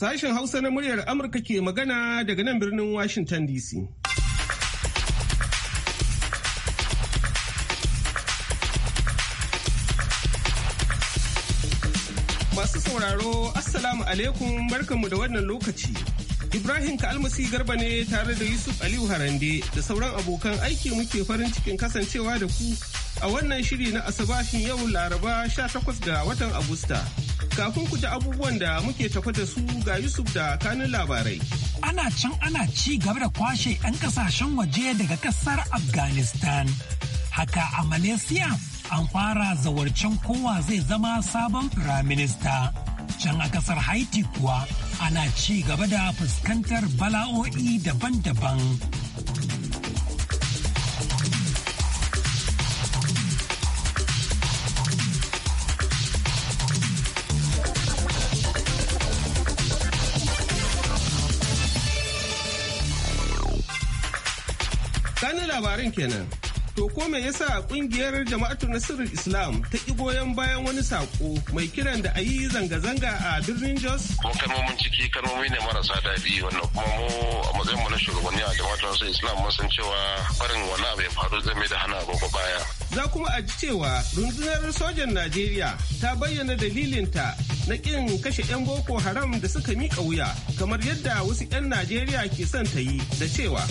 Sashen Hausa na muryar Amurka ke magana daga nan birnin Washington DC. Masu sauraro, Assalamu alaikum barkanmu da wannan lokaci. Ibrahim Kalmasi Garba ne tare da Yusuf Aliyu Harande da sauran abokan aiki muke farin cikin kasancewa da ku a wannan shiri na asabashin yau Laraba 18 ga watan Agusta. Kafin ku ji abubuwan da muke tafa da su ga Yusuf da kanin labarai. Ana can ana ci gaba da kwashe 'yan kasashen waje daga kasar Afghanistan. Haka a Malaysia an fara zawarcen kowa zai zama sabon firaminista. Can a kasar Haiti kuwa ana ci gaba da fuskantar bala'o'i daban-daban. labarin kenan. To ko me yasa kungiyar jama'atu Nasirar Islam ta ki goyon bayan wani sako mai kiran da a yi zanga-zanga a birnin Jos? Mu kalmomin ciki kalmomi ne marasa daɗi wannan kuma mu a matsayin mana shugabanni a jama'atu Nasirar Islam mun san cewa farin wani abu ya faru zai da hana gobe baya. Za kuma a ji cewa rundunar sojan Najeriya ta bayyana dalilinta na kin kashe 'yan Boko Haram da suka miƙa wuya kamar yadda wasu 'yan Najeriya ke son ta yi da cewa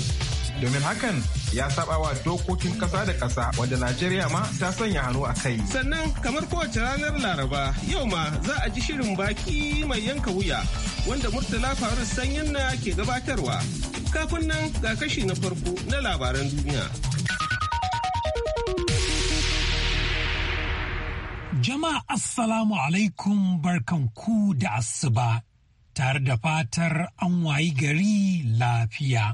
domin hakan ya saba wa dokokin kasa da kasa wanda Najeriya ma ta sanya hannu a kai. Sannan kamar kowace ranar Laraba yau ma za a ji shirin baki mai yanka wuya wanda Murtala Faru Sanyin na ke gabatarwa. Kafin nan ga kashi na farko na labaran duniya. Jama'a Assalamu alaikum barkanku da asuba tare da fatar an wayi gari lafiya.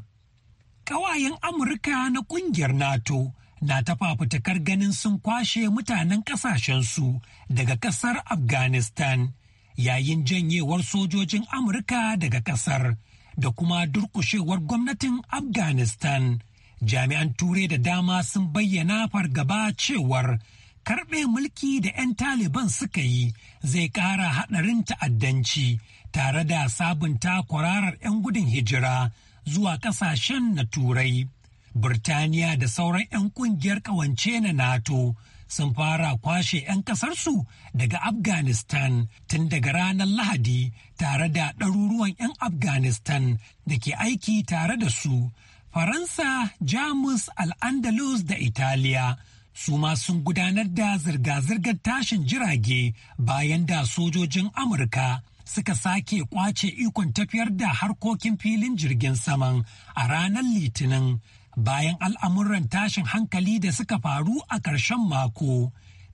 Ƙawayen Amurka na ƙungiyar NATO na ta fafutukar ganin sun kwashe mutanen ƙasashensu daga ƙasar Afghanistan yayin janyewar sojojin Amurka daga ƙasar da kuma durƙushewar gwamnatin Afghanistan. Jami'an Turai da dama sun bayyana fargaba cewar karɓe mulki da 'yan Taliban suka yi zai ƙara haɗarin ta'addanci tare da sabunta kwararar 'yan gudun hijira. zuwa ƙasashen na Turai. Birtaniya da sauran 'yan ƙungiyar ƙawance na NATO sun fara kwashe 'yan ƙasarsu daga Afghanistan tun daga ranar Lahadi tare da ɗaruruwan 'yan Afghanistan da ke aiki tare da su. Faransa, Jamus, Al'Andalus da Italiya. su ma sun gudanar da zirga-zirgar tashin jirage bayan da sojojin Amurka suka sake kwace ikon tafiyar da harkokin filin jirgin saman a ranar litinin bayan al'amuran tashin hankali da suka faru a ƙarshen mako.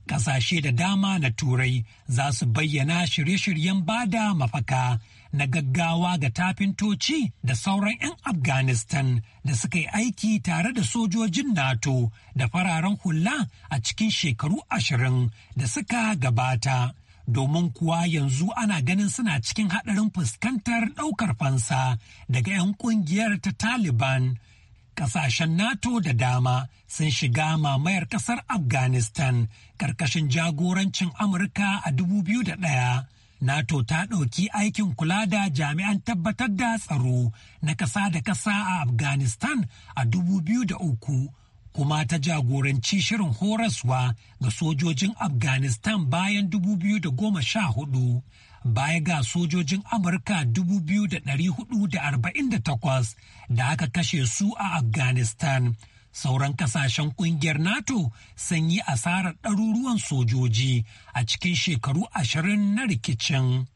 Ƙasashe da dama na turai za su bayyana shirye-shiryen bada mafaka na gaggawa ga tafintoci da sauran 'yan Afghanistan da suka yi aiki tare da sojojin NATO da fararen hula a cikin shekaru ashirin da suka gabata. domin kuwa yanzu ana ganin suna cikin haɗarin fuskantar ɗaukar fansa daga 'yan ƙungiyar ta Taliban. Ƙasashen NATO da dama sun shiga mamayar ƙasar Afghanistan karkashin jagorancin Amurka a 2001. NATO ta ɗauki aikin kula da jami'an tabbatar da tsaro na kasa da kasa a Afghanistan a 2003. kuma ta jagoranci shirin horaswa ga sojojin afghanistan bayan 2014 baya ga sojojin amurka 2,448 da aka kashe su a afghanistan sauran kasashen kungiyar nato sun yi asarar ɗaruruwan sojoji a cikin shekaru ashirin na rikicin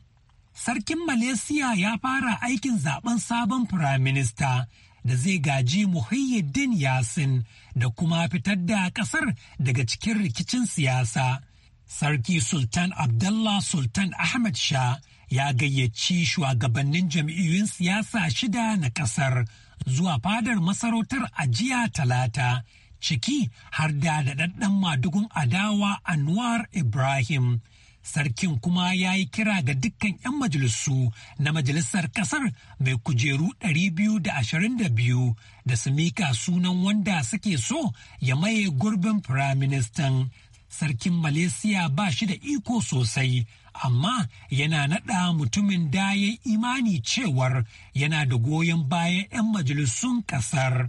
sarkin malaysia ya fara aikin zaben sabon firaminista da zai gaji muhayyadin yasin da kuma fitar da kasar daga cikin rikicin siyasa sarki sultan abdullah sultan ahmad sha ya gayyaci shugabannin jam'iyyun siyasa shida na kasar zuwa fadar masarautar ajiya talata ciki har da daɗaɗɗen madugun adawa anwar ibrahim sarkin kuma ya yi kira ga dukkan 'yan majalisu na majalisar kasar mai kujeru 222 da su mika sunan wanda suke so ya maye gurbin firaministan sarkin malaysia ba shi da iko sosai amma yana naɗa mutumin da ya imani cewar yana da goyon bayan 'yan majalisun kasar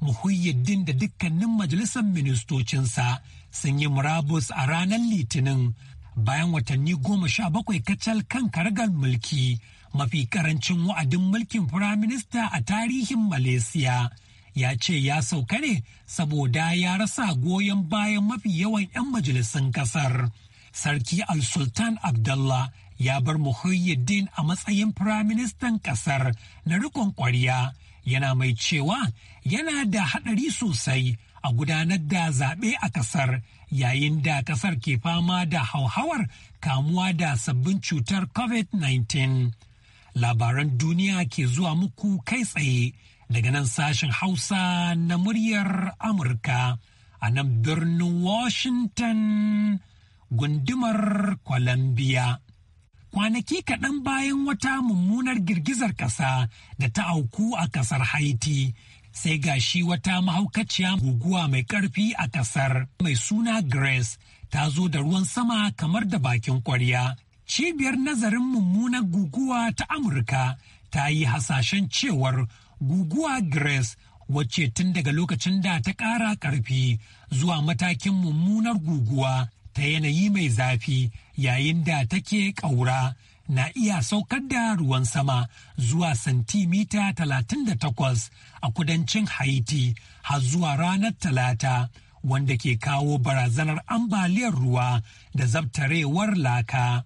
muhuyyaddin da dukkanin majalisar ministocinsa sun yi murabus a ranar litinin bayan watanni goma sha bakwai kacal kan karagar mulki mafi karancin wa'adin mulkin firaminista a tarihin malaysia ya ce ya sauka ne saboda ya rasa goyon bayan mafi yawan 'yan majalisun kasar sarki al-sultan abdullah ya bar muhyiddin a matsayin firaministan kasar na rikon kwarya yana mai cewa yana da haɗari sosai a gudanar da zaɓe a ƙasar yayin da ƙasar ke fama da hauhawar kamuwa da sabbin cutar covid-19 labaran duniya ke zuwa muku kai tsaye daga nan sashen hausa na muryar amurka a nan birnin washington gundumar columbia kwanaki kaɗan bayan wata mummunar girgizar ƙasa da ta auku a ƙasar haiti sai ga shi wata mahaukaciya guguwa mai ƙarfi a ƙasar mai suna Grace ta zo da ruwan sama kamar da bakin ƙwarya. Cibiyar nazarin mummunar guguwa ta Amurka ta yi hasashen cewar guguwa Grace wacce tun daga lokacin da ta kara ƙarfi zuwa matakin mummunar guguwa ta yanayi mai zafi yayin da take ƙaura na iya saukar da ruwan sama zuwa santimita 38 a kudancin Haiti har zuwa ranar Talata, wanda ke kawo barazanar ambaliyar ruwa da zabtarewar laka.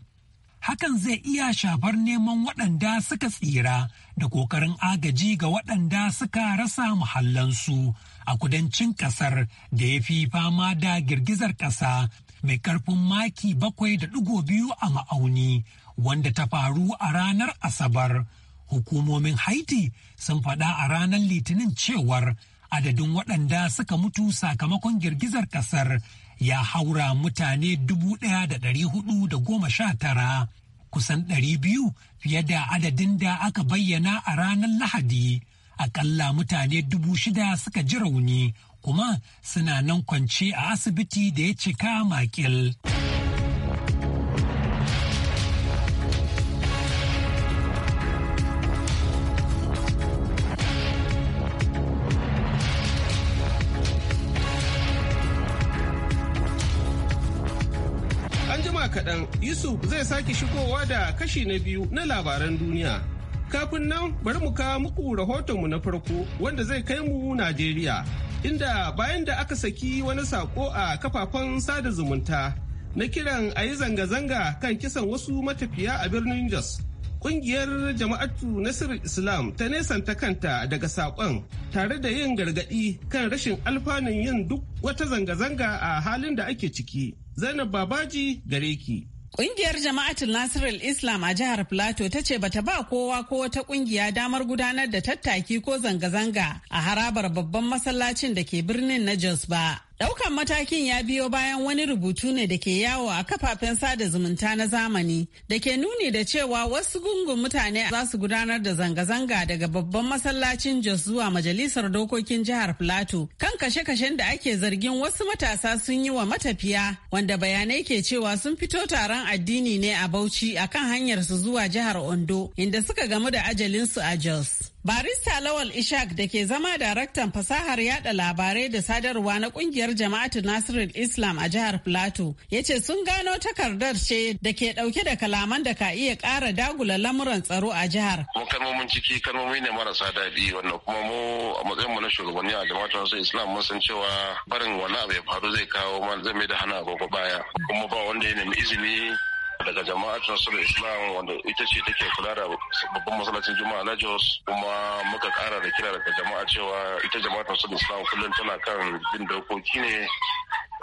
Hakan zai iya shafar neman waɗanda suka tsira da ƙoƙarin agaji ga waɗanda suka rasa muhallansu a kudancin ƙasar da ya fi fama da girgizar ƙasa mai ƙarfin maki bakwai da ɗigo biyu a ma'auni. wanda ta faru a ranar Asabar. Hukumomin Haiti sun faɗa a ranar Litinin cewar adadin waɗanda suka mutu sakamakon girgizar ƙasar ya haura mutane dubu ɗaya da ɗari da goma sha tara, kusan ɗari biyu fiye da adadin da aka bayyana a ranar Lahadi. Aƙalla mutane dubu shida suka ji rauni kuma suna nan kwance a asibiti da ya cika makil. Yusuf zai sake shigowa da kashi na biyu na labaran duniya. Kafin nan bari mu kawo muku rahotonmu na farko wanda zai kai mu Najeriya. Inda bayan da aka saki wani sako a kafafen sada zumunta na kiran a yi zanga-zanga kan kisan wasu matafiya a birnin Jos. Kungiyar jama'atu Nasir Islam ta ta kanta daga saƙon tare da yin gargaɗi kan rashin alfanun yin duk wata zanga-zanga a halin da ake ciki. Zainab Babaji gare ki. Ƙungiyar Jama'atul Nasirul Islam a jihar Plateau ta ce bata ba kowa ko wata ƙungiya damar gudanar da tattaki ko zanga-zanga a harabar babban masallacin da ke birnin na Jos ba. Daukan matakin ya biyo bayan wani rubutu ne da ke yawo a kafafen sada zumunta na zamani da ke nuni da cewa wasu gungun mutane za su gudanar da zanga-zanga daga babban masallacin Jos zuwa majalisar dokokin jihar Plateau kan kashe-kashen da ake zargin wasu matasa sun yi wa matafiya wanda bayanai ke cewa sun fito taron addini ne a Bauchi akan hanyar su zuwa jihar Ondo inda suka gamu da ajalinsu a Jos. Barista Lawal Ishak da ke zama daraktan fasahar yada labarai da sadarwa na kungiyar jama'atu nasirin Islam a jihar Plateau ya ce sun gano takardar ce da ke dauke da kalaman da ka iya kara dagula lamuran tsaro a jihar. Mun kalmomin ciki kalmomi ne marasa daɗi wannan kuma mu a matsayin mu na shugabanni a jama'atu Nasiru Islam mun san cewa barin wani abu ya faru zai kawo mana zai mai da hana agogo baya kuma ba wanda ya nemi izini daga jama'at nasarar islam wanda ita ce take kula da babban masallacin juma'a na jos kuma muka kara da kira daga jama'a cewa ita jama'at nasarar islam kullum tana kan bin dokoki ne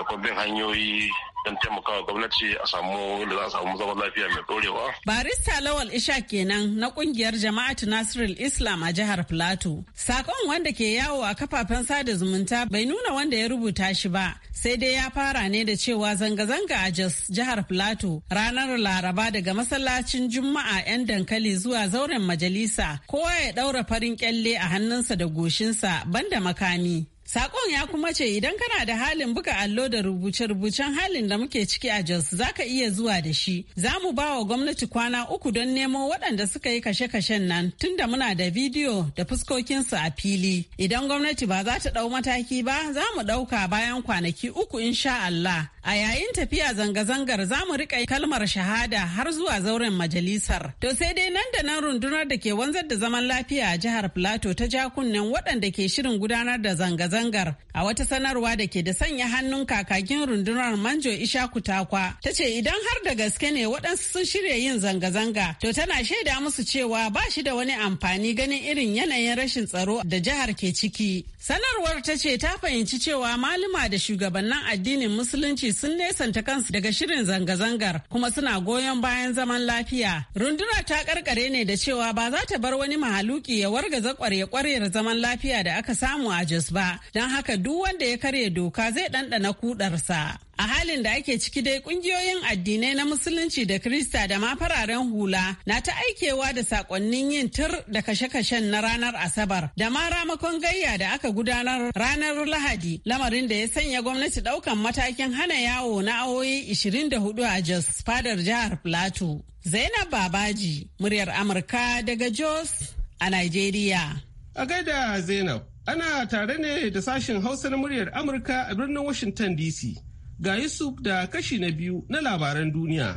da bin hanyoyi don taimakawa gwamnati a samu da za a samu zaman lafiya mai dorewa. Barista Lawal Isha kenan na kungiyar Jama'atu Nasirul Islam a jihar Filato. Sakon wanda ke yawo a kafafen sada zumunta bai nuna wanda ya rubuta shi ba, sai dai ya fara ne da cewa zanga-zanga a Jos jihar Filato ranar Laraba daga masallacin Juma'a 'yan dankali zuwa zauren majalisa kowa ya daura farin kyalle a hannunsa da goshinsa banda makami. Sakon ya kuma ce idan kana da halin buga allo da rubuce-rubucen halin da muke ciki a Jos za ka iya zuwa da shi. Za mu ba wa gwamnati kwana uku don nemo waɗanda suka yi kashe-kashen nan tun da muna da bidiyo da fuskokinsu a fili. Idan gwamnati ba za ta ɗau mataki ba za mu ɗauka bayan kwanaki uku insha Allah. A yayin tafiya zanga-zangar za mu riƙa kalmar shahada har zuwa zauren majalisar. To sai dai nan da nan rundunar da ke wanzar da zaman lafiya a jihar Filato ta jakunan waɗanda ke shirin gudanar da zanga-zangar zangar a wata sanarwa da ke da sanya hannun kakakin rundunar manjo ishaku takwa ta ce idan har da gaske ne waɗansu sun shirya yin zanga-zanga to tana shaida musu cewa ba shi da wani amfani ganin irin yanayin rashin tsaro da jihar ke ciki Sanarwar ta ce ta fahimci cewa malama da shugabannin addinin musulunci sun nesanta kansu daga shirin zanga-zangar kuma suna goyon bayan zaman lafiya. Rundura ta karkare ne da cewa ba za ta bar wani mahaluki ya wargaza kwarye-kwaryar zaman lafiya da aka samu a Jos ba, don haka duk wanda ya karya doka zai ɗanɗana kudarsa. A halin da ake ciki dai kungiyoyin addinai na Musulunci da Krista da ma fararen hula na ta aikewa da sakonnin yin tur da kashe-kashen na ranar Asabar da ma ramakon gayya da aka gudanar ranar Lahadi lamarin da ya sanya gwamnati daukan matakin hana yawo na awoyi 24 a Jos fadar jihar Plateau. Zainab Babaji, muryar Amurka daga Jos a Nigeria. A gaida Zainab, ana tare ne da sashen Hausa muryar Amurka a birnin Washington DC. Ga Yusuf da kashi na biyu na labaran duniya.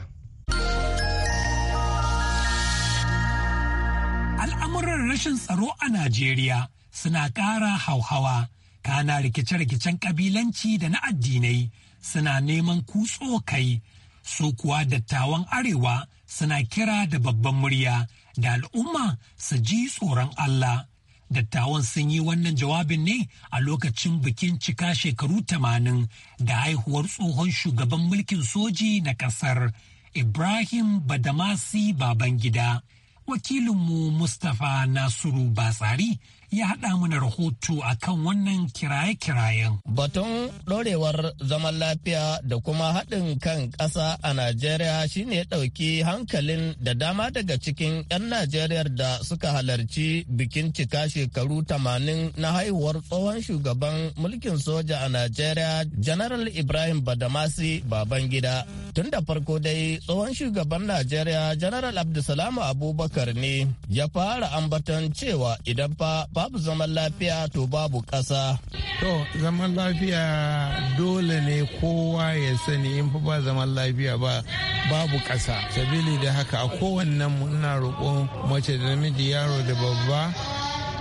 Al'amuran rashin tsaro a Najeriya suna ƙara hauhawa, kana rikice-rikicen ƙabilanci da na addinai suna neman kutso kai, su kuwa dattawan Arewa suna kira da babban murya da al'umma su ji tsoron Allah. Dattawan sun yi wannan jawabin ne a lokacin bikin cika shekaru tamanin da haihuwar tsohon shugaban mulkin soji na ƙasar Ibrahim Badamasi Babangida. Wakilinmu Mustapha Nasiru Batsari ya haɗa mana rahoto a kan wannan kiraye-kirayen. Batun ɗorewar zaman lafiya da kuma haɗin kan ƙasa a Najeriya shine ɗauki hankalin da dama daga cikin 'yan Najeriyar da suka halarci bikin cika shekaru tamanin na haihuwar tsohon shugaban mulkin soja a Najeriya, General Ibrahim Badamasi Babangida. Tun da farko dai tsohon shugaban Najeriya, General Abdulsalamu Abubakar ne ya fara ambaton cewa idan fa babu zaman lafiya to babu ƙasa. To zaman lafiya dole ne kowa ya sani in fi ba zaman lafiya ba babu ƙasa. Sabili da haka a kowannen muna roƙon mace da namiji yaro da babba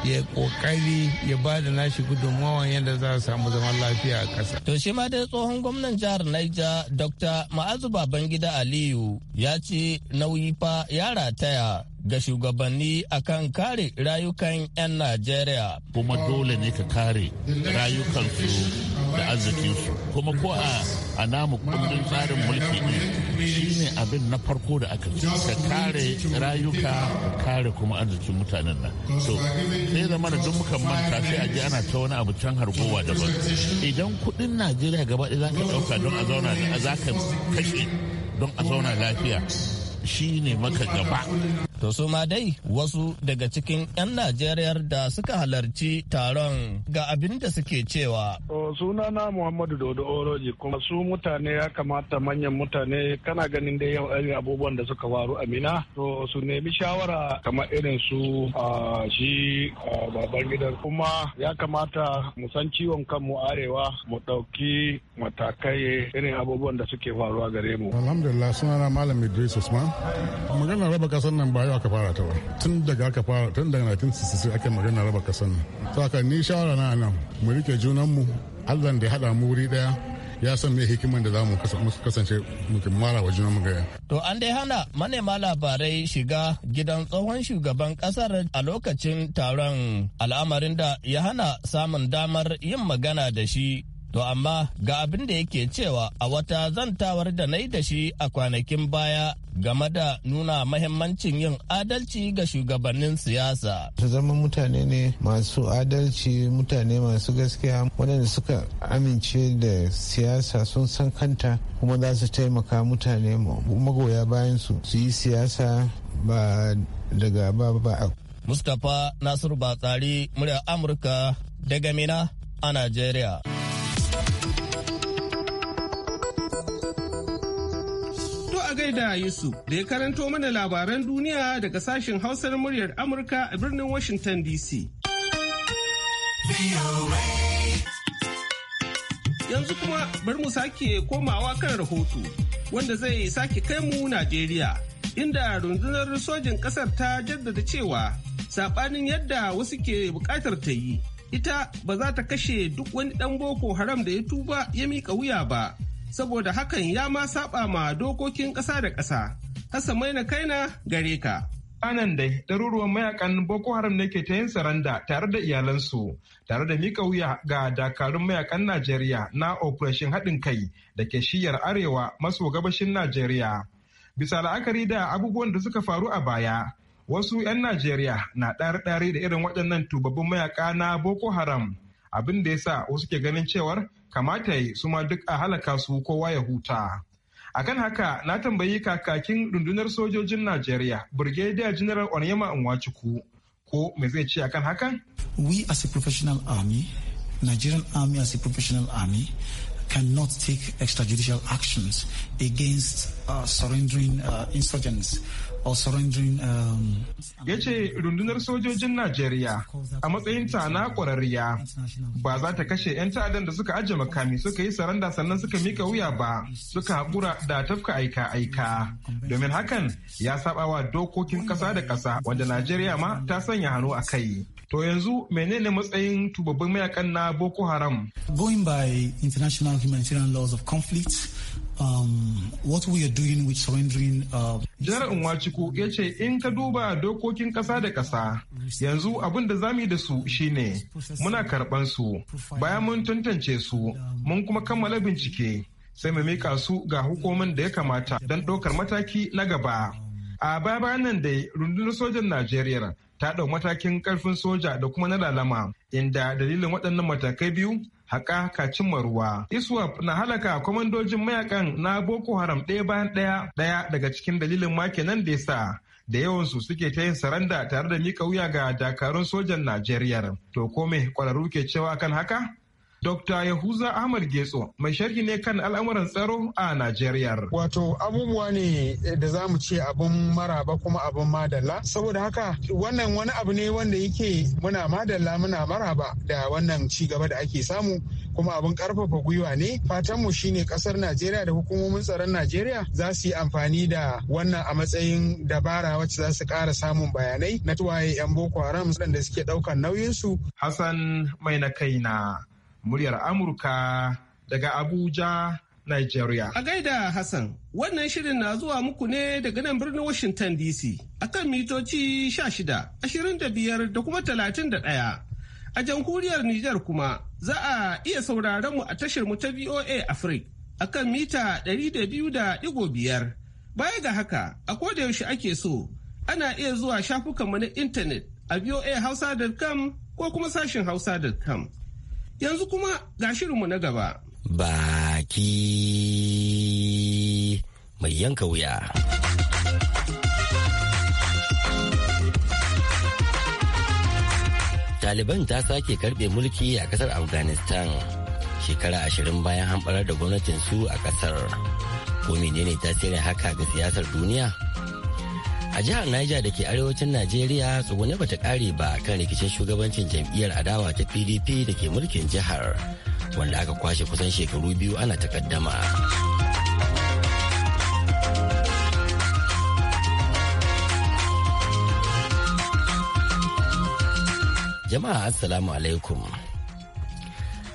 ya kokari ya ba da nashi gudunmawan yadda za a samu zaman lafiya a ƙasa. To shi ma dai tsohon gwamnan jihar Niger Dr. Ma'azu Babangida Aliyu ya ce nauyi fa ya rataya ga shugabanni akan kare rayukan 'yan Najeriya. Kuma dole ne ka kare rayukan su da arzikinsu kuma ko a namu kundin tsarin mulki ne shine abin na farko da aka ce ka kare rayuka kare kuma arzikin mutanen nan to sai zama da duk muka manta sai a ji ana ta wani abu can hargowa daban idan kuɗin najeriya gaba ɗaya za ka ɗauka don a zauna za ka kashe don a zauna lafiya shi ne maka gaba To su ma dai wasu daga cikin 'yan Najeriya da suka halarci taron ga abin da suke cewa. sunana Muhammadu Dodo Oroji kuma su mutane ya kamata manyan mutane kana ganin da yau irin abubuwan da suka faru Amina. to su nemi shawara kamar irin su shi baban gidan kuma ya kamata mu san ciwon kanmu arewa mu ɗauki matakai irin abubuwan da suke faruwa gare mu. Alhamdulillah sunana Malam Idris Usman. Magana raba kasar nan ba cewa ka fara ta ba tun daga aka fara tun daga 1966 ake magana raba kasan nan saka ni shawara na nan mu rike junan mu Allah da ya hada mu wuri daya ya san me hikiman da za mu kasance mutum mara wa mu gaya. To an dai hana manema labarai shiga gidan tsohon shugaban kasar a lokacin taron al'amarin da ya hana samun damar yin magana da shi To amma ga abin da yake cewa a wata zantawar da na yi da shi a kwanakin baya game da nuna mahimmancin yin adalci ga shugabannin siyasa. Ta zama mutane ne masu adalci mutane masu gaskiya waɗanda suka amince da siyasa sun san kanta kuma za su taimaka mutane magoya bayan su su yi siyasa ba daga ba ba. Mustapha Nasiru Batsari murya Amurka daga Mina a Najeriya. a gaida Yusuf da ya karanto mana labaran duniya daga sashen hausar muryar Amurka a birnin Washington DC. Yanzu kuma bari mu sake komawa kan rahoto wanda zai sake kai mu Najeriya inda rundunar sojin ƙasar ta jaddada cewa saɓanin yadda wasu ke buƙatar ta yi ita ba za ta kashe duk wani ɗan boko haram da ya tuba ya miƙa wuya ba saboda hakan ya ma saba ma dokokin ƙasa da ƙasa. Hassan Maina Kaina gare ka. anan da ɗaruruwan mayakan boko haram ne ke ta yin saranda tare da iyalansu tare da mika wuya ga dakarun mayakan najeriya na operation haɗin kai da ke shiyar arewa maso gabashin najeriya bisa la'akari da abubuwan da suka faru a baya wasu 'yan najeriya na ɗari-ɗari da irin waɗannan tubabbin mayaka na boko haram abin da ya sa wasu ke ganin cewar kamata yi su ma duk a halaka su kowa ya huta. akan haka na tambayi kakakin rundunar sojojin najeriya brigadier general onyema nwachukwu ko me zai ce akan hakan we as a professional army nigerian army as a professional army cannot take extrajudicial actions against uh, surrendering uh, insurgents or surrendering um, ya ce rundunar sojojin najeriya a matsayin ta na ƙwararriya ba za ta kashe 'yan ta'addan da suka ajiye makami suka yi saranda sannan suka mika wuya ba suka haƙura da tafka aika-aika domin hakan ya saba wa dokokin ƙasa da ƙasa wanda najeriya ma ta sanya hannu a kai to yanzu menene matsayin tubabbin mayakan na boko haram going by international humanitarian laws of conflict um, what we with surrendering. Uh, Jihar Nwachukwu ya ce in ka duba dokokin kasa da kasa yanzu abin da zamu yi da su shine muna karɓan su bayan mun tantance su mun kuma kammala bincike sai mu mika su ga hukumin da ya kamata don ɗaukar mataki na gaba. A baya nan dai rundunar sojan Najeriya ta ɗau matakin ƙarfin soja da kuma na lalama inda dalilin waɗannan matakai biyu haƙa ka cimma ruwa. ISWAP na halaka kwamandojin mayakan na Boko Haram ɗaya bayan ɗaya ɗaya daga cikin dalilin ma kenan da yasa da yawansu suke ta yin saranda tare da mika wuya ga dakarun sojan Najeriya. To kome kwararru ke cewa kan haka? Dr. Yahuza Ahmad Getso mai sharhi ne kan al'amuran tsaro a Najeriya. Wato abubuwa ne da za mu ce abin maraba kuma abin madalla. Saboda haka wannan wani abu ne wanda yake muna madalla muna maraba da wannan ci gaba da ake samu kuma abin karfafa gwiwa ne. Fatanmu shine kasar Najeriya da hukumomin tsaron Najeriya za su yi amfani da wannan a matsayin dabara wacce za su kara samun bayanai na tuwaye 'yan Boko Haram da suke ɗaukar nauyinsu. Hassan mai na kaina muryar Amurka daga Abuja, Nigeria. A gaida Hassan, wannan shirin na zuwa muku ne daga nan birnin Washington DC akan mitoci 16, 25 da kuma 31. A jamhuriyar Nijar kuma za a iya sauraron mu a tashar mu ta VOA Africa a kan mita 200.5. Baya ga haka, a yaushe ake so, ana iya zuwa shafukanmu na intanet a VOA voahausa.com ko kuma sashin hausa.com. Yanzu kuma ga shirinmu na gaba. Baki mai yanka wuya. Taliban ta sake karbe mulki a kasar Afghanistan shekara ashirin bayan hamɓarar da gwamnatin su a kasar. Ko menene tasirin haka ga siyasar duniya? a jihar niger da ke arewacin najeriya tsugune bata kare ba kan rikicin shugabancin jam'iyyar adawa ta pdp da ke mulkin jihar wanda aka kwashe kusan shekaru biyu ana takaddama jama'a assalamu alaikum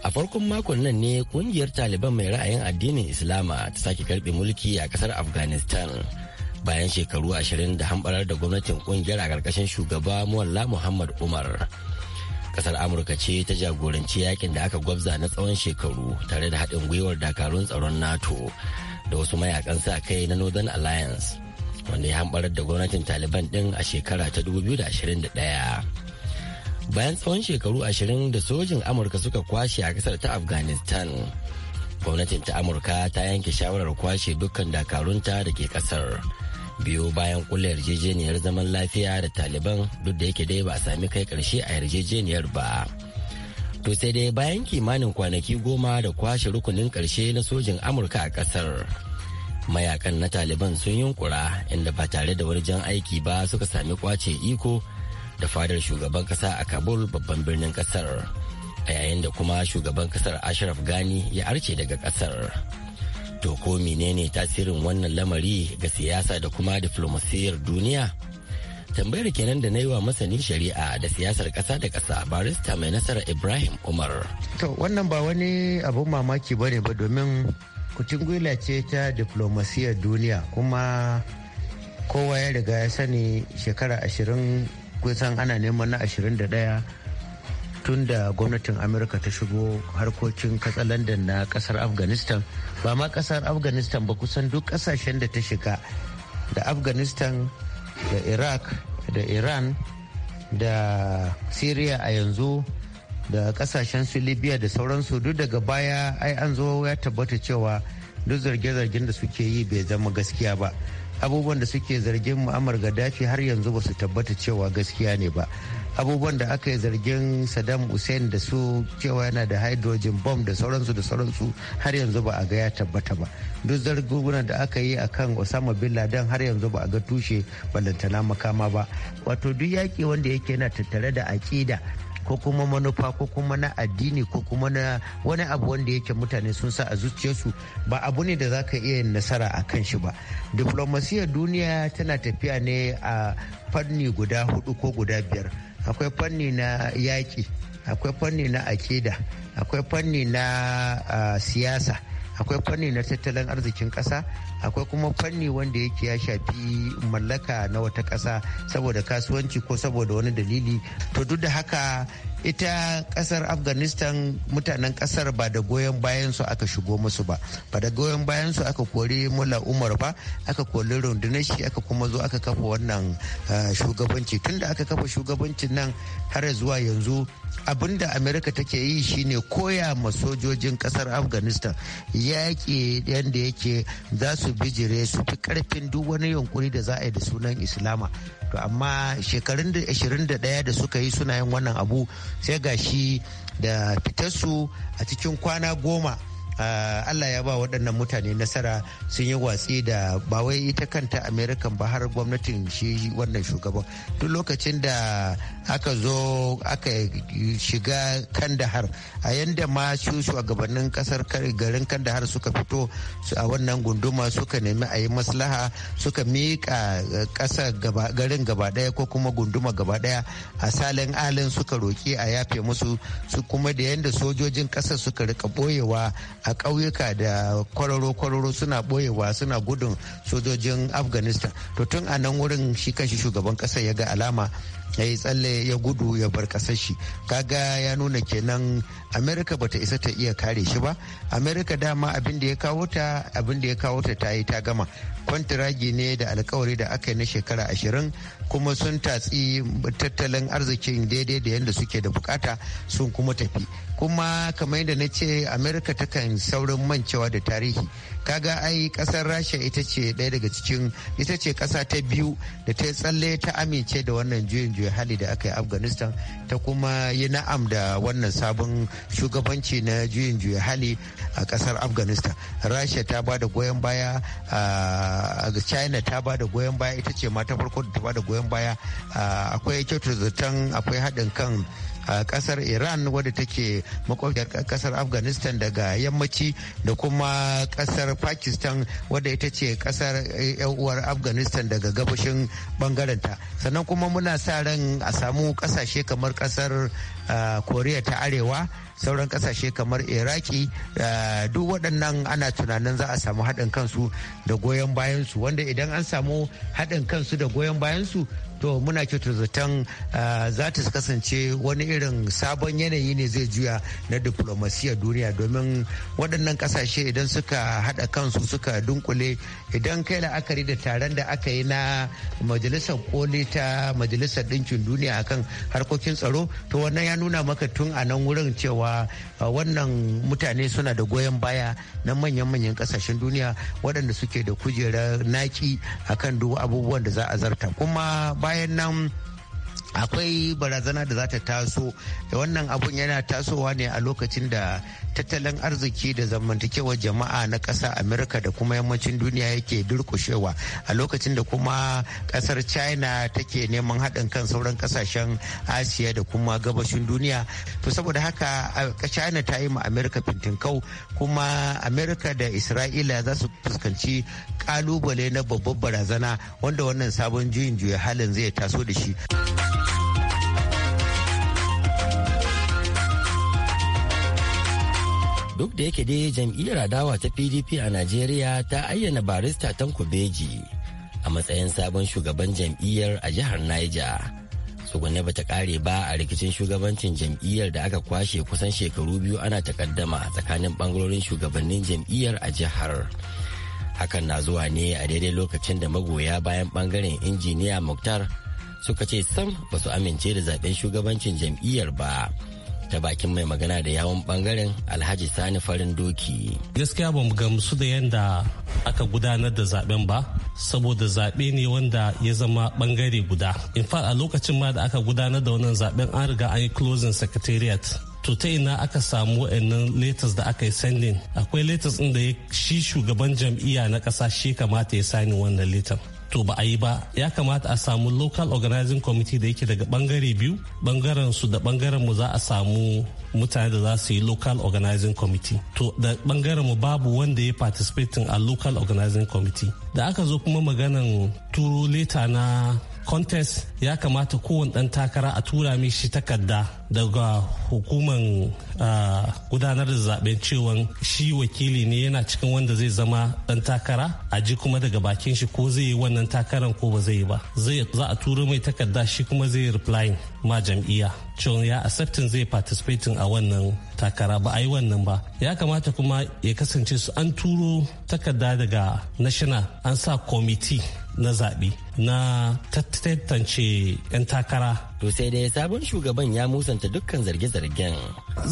a farkon makon nan ne kungiyar taliban mai ra'ayin addinin islama ta sake karbe mulki a kasar afghanistan bayan shekaru ashirin da hambarar da gwamnatin kungiyar a ƙarƙashin shugaba muwalla muhammad umar kasar amurka ce ta jagoranci yakin da aka gwabza na tsawon shekaru tare da haɗin gwiwar dakarun tsaron nato da wasu mayakan sa kai na northern alliance wanda ya hambarar da gwamnatin taliban ɗin a shekara ta 2021 bayan tsawon shekaru ashirin da sojin amurka suka kwashe a kasar ta afghanistan gwamnatin ta amurka ta yanke shawarar kwashe dukkan dakarunta da ke kasar biyo bayan kula yarjejeniyar zaman lafiya da taliban duk da yake dai ba a sami kai karshe a yarjejeniyar ba to sai dai bayan kimanin kwanaki goma da kwashe rukunin karshe na sojin amurka a kasar mayakan na taliban sun yunkura inda ba tare da wani aiki ba suka sami kwace iko da fadar shugaban kasa a kabul babban birnin kasar a yayin da kuma shugaban kasar ashraf gani ya arce daga kasar. To ko menene tasirin wannan lamari ga siyasa da kuma diflomasiyyar duniya? Tambayar kenan da na yi wa masanin shari'a da siyasar kasa da kasa barista mai nasara Ibrahim Umar. To wannan ba wani abin mamaki ba ne ba domin kucin gwila ce ta diflomasiyyar duniya kuma kowa ya riga ya sani shekara ashirin kusan ana neman na ashirin da ɗaya tun da gwamnatin amurka ta shigo harkokin katsalandan na kasar afghanistan ba ma kasar afghanistan ba kusan duk kasashen da ta shiga da afghanistan da iraq da iran da syria a yanzu da kasashen su libya da sauransu duk daga baya ai an zo ya tabbata cewa duk zarge-zargen da suke yi bai zama gaskiya ba abubuwan da suke zargin mu'amar gaddafi har yanzu ba su tabbata cewa gaskiya ne ba abubuwan da aka yi zargin saddam hussein da su cewa yana da hydrogen bomb da sauransu da sauransu har yanzu ba a ga ya tabbata ba duk zargunan da aka yi akan osama bin laden har yanzu ba a ga tushe ballantana makama ba wato duk yaƙi wanda yake yana tattare da aƙida ko kuma manufa ko kuma na addini ko kuma na wani abu wanda yake mutane sun sa a zuciyarsu ba abu ne da za ka iya yin nasara a kan shi ba diflomasiyar duniya tana tafiya ne a fanni guda hudu ko guda biyar akwai fanni na yaƙi akwai fanni na akida akwai fanni na siyasa akwai fanni na tattalin arzikin ƙasa akwai kuma fanni wanda yake ya shafi mallaka na wata ƙasa saboda kasuwanci ko saboda wani dalili to duk da haka ita kasar afghanistan mutanen kasar ba da goyon bayan su aka shigo musu ba ba da goyon bayan su aka kori mula umar ba aka kori rundunar shi aka kuma zo aka kafa wannan ah, shugabanci tunda aka kafa shugabancin nan har zuwa yanzu abinda amerika take yi shine koya ma sojojin kasar afghanistan yaƙi yadda yake za su bijire su fi karfin duk wani yunkuri da za a yi da sunan islama to amma shekarun 21 da suka yi suna yin wannan abu sai gashi da fitarsu a cikin kwana goma Allah ya ba waɗannan mutane nasara sun yi watsi da ba wai ita kanta Amerikan ba har gwamnatin shi wannan shugaban. Duk lokacin da aka zo aka shiga Kandahar a yadda ma su shugabannin kasar garin Kandahar suka fito a wannan gunduma suka nemi a yi maslaha suka miƙa eh, ƙasa garin gaba ɗaya ko kuma gunduma gaba ɗaya a salin alin suka roƙi a yafe musu su kuma da yadda sojojin ƙasar suka rika ɓoyewa a ƙauyuka da kwararo-kwararo suna ɓoyewa suna gudun sojojin afghanistan to tun a nan wurin shi kanshi shugaban ƙasa ya ga alama ya yi tsalle ya gudu ya bar kasar shi kaga ya nuna kenan amerika bata isa ta iya kare shi ba amerika dama abin da ya kawo ta abin da ya kawo ta ta yi ta gama kwantiragi ne da alkawari da aka yi na shekara ashirin kuma sun tatsi tattalin arzikin daidai da yadda suke da bukata sun kuma tafi kuma kamar yadda na ce amerika takan saurin mancewa da tarihi kaga ai kasar rasha ita ce daya daga cikin ita ce kasa ta biyu da ta tsalle ta amince da wannan juyin juya hali da aka yi afghanistan ta kuma yi na'am da wannan sabon shugabanci na juyin juya hali a kasar afghanistan rasha ta ba da goyon baya china ta ba da goyon baya ita ce ma ta farko da ta ba da goyon baya akwai kyautar zaton akwai haɗin kan a kasar iran wadda take makwabtar kasar afghanistan daga yammaci da kuma kasar pakistan wadda ita ce kasar eh, uwar afghanistan daga gabashin bangarenta sannan kuma muna sa ran a samu kasashe kamar kasar ah, korea ta arewa sauran kasashe kamar iraki eh, duk waɗannan ana tunanin za a samu haɗin kansu da goyon bayansu wanda idan an samu haɗin kansu da goyon bayansu to muna kyautar zaton eh, za ta kasance wani irin sabon yanayi ne zai juya na diplomasiyar duniya domin waɗannan ƙasashe idan suka haɗa kansu suka dunkule idan kai la'akari da taron da aka yi na majalisar koli ta majalisar ɗinkin duniya akan harkokin tsaro to wannan ya nuna maka tun a nan wurin cewa cewa uh, wannan mutane suna da goyon baya na manyan-manyan kasashen duniya waɗanda suke da kujerar naki akan duk abubuwan da za a zarta kuma bayan nan akwai barazana da za ta taso wannan abun yana tasowa ne a lokacin da tattalin arziki da zamantakewar jama'a na ƙasa Amerika da kuma yammacin duniya yake durkushewa a lokacin da kuma ƙasar china take neman haɗin kan sauran ƙasashen asiya da kuma gabashin duniya to saboda haka china ta yi ma amurka fintinkau kuma Amerika da isra'ila za su fuskanci ƙalubale na babbar barazana wanda wannan sabon juyin juya halin zai taso da shi. duk da yake dai jam'iyyar adawa ta pdp a najeriya ta ayyana barista tanko beji a matsayin sabon shugaban jam'iyyar a jihar niger tsugunne ta kare ba a rikicin shugabancin jam'iyyar da aka kwashe kusan shekaru biyu ana takaddama tsakanin bangarorin shugabannin jam'iyyar a jihar hakan na zuwa ne a daidai lokacin da magoya bayan bangaren injiniya muktar suka ce sam ba su amince da zaben shugabancin jam'iyyar ba ta bakin mai magana da yawon bangaren alhaji sani farin doki gaskiya ba mu gamsu da yadda aka gudanar da zaben ba saboda zaɓe ne wanda ya zama bangare guda in fact a lokacin ma da aka gudanar da wannan zaben an riga an yi closing secretariat to ta ina aka samu wa'annan letters da aka yi sending akwai letters din da shi shugaban jam'iyya na kasa shi kamata ya sani wannan letter to ba a yi ba ya kamata a samu local organizing committee da yake daga bangare biyu bangaren su da bangaren mu za a samu mutane da za su yi local organizing committee to da bangaren mu babu wanda ya participating a local organizing committee da aka zo kuma maganan turo leta na contest ya kamata kowane ɗan takara a tura shi takarda daga hukumar ah, gudanar da zaben cewa shi wakili ne yana cikin wanda zai zama ɗan takara a ji kuma daga bakin shi ko zai yi wannan takaran ko ba zai yi ba za a turo mai takarda shi kuma zai replying ma jam'iyya cewa ya accepting zai participating a wannan takara ba a yi wannan ba ya kamata kuma ya kasance su an turo takarda daga national an sa committee na zaɓe na tantance 'yan takara. To sai dai sabon shugaban ya musanta dukkan zarge-zargen.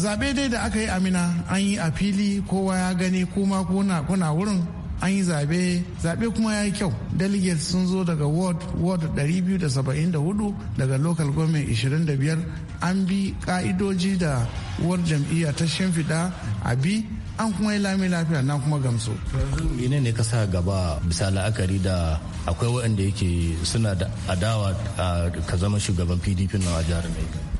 Zaɓe dai da aka yi amina an yi a fili kowa ya gani kuma kuna wurin an yi zaɓe zaɓe kuma ya yi kyau delegates sun zo daga ward ward 274 daga local government 25 an bi ka'idoji da ward jam'iyya ta shimfiɗa a bi an kuma yi lami lafiya na kuma gamsu. Mene ne ka gaba bisa la'akari da akwai waɗanda yake suna da adawa ka zama shugaban PDP na a jihar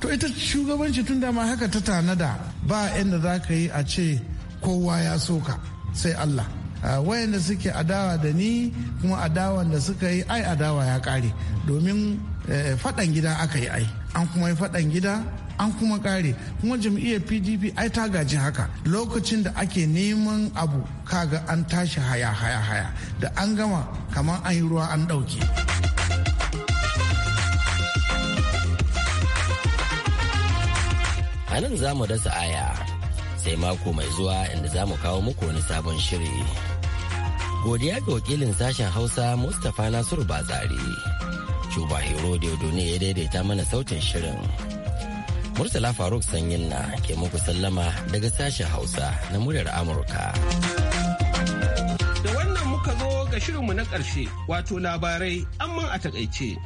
To ita shugabanci tun da ma haka ta tanada ba inda za ka yi a ce kowa ya soka sai Allah. wayanda suke adawa da ni kuma adawan da suka yi ai adawa ya kare domin eh, faɗan gida aka yi ai an kuma yi faɗan gida an kuma kare kuma jam'iyyar pdp ai ta gaji haka lokacin da ake neman abu kaga an tashi haya haya haya da an gama kamar an yi ruwa an ɗauke. a nan za mu dasa aya sai mako mai zuwa inda za mu kawo muku wani sabon shiri godiya ga wakilin sashen hausa mustapha nasiru batsari cuba hero ne ya daidaita mana sautin shirin Murtala Faruk Sanyin na ke muku sallama daga sashen Hausa na muryar Amurka. Da wannan muka zo ga shirinmu na ƙarshe wato labarai amma a takaice.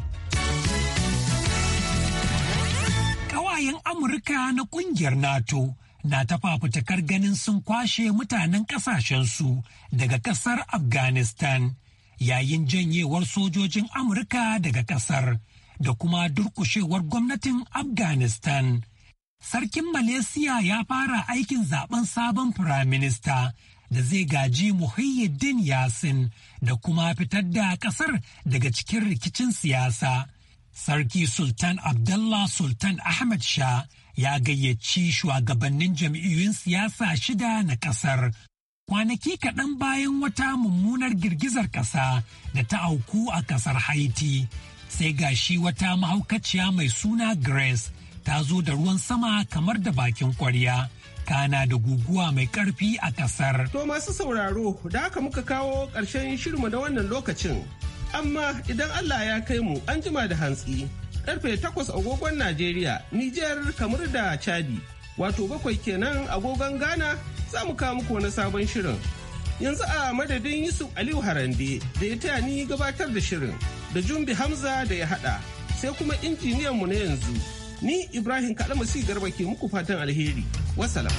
Ƙawayen Amurka na ƙungiyar NATO na ta fafutakar ganin sun kwashe mutanen ƙasashensu daga ƙasar Afghanistan yayin janyewar sojojin Amurka daga ƙasar. da kuma durkushewar gwamnatin Afghanistan. Sarkin Malaysia ya fara aikin zaben sabon firaminista da zai gaji Muhyiddin Yasin da kuma fitar da kasar daga cikin rikicin siyasa. Sarki Sultan Abdullah Sultan Ahmad Shah ya gayyaci shugabannin jam'iyyun siyasa shida na kasar. Kwanaki kaɗan bayan wata mummunar girgizar ƙasa da ta auku a ƙasar Haiti. sai gashi wata mahaukaciya mai suna grace ta zo da ruwan sama kamar da bakin kwarya kana da guguwa mai karfi a kasar to masu sauraro da haka muka kawo ƙarshen shirma na wannan lokacin amma idan allah ya kai mu an jima da hantsi karfe takwas agogon najeriya nijar kamar da chadi wato bakwai kenan agogon ghana za mu kawo muku wani sabon shirin yanzu a madadin yusuf aliyu harande da ya taya ni gabatar da shirin da jumbi hamza da ya hada sai kuma injiniyan mu na yanzu ni ibrahim kaɗa masu garba ke muku fatan alheri wasalam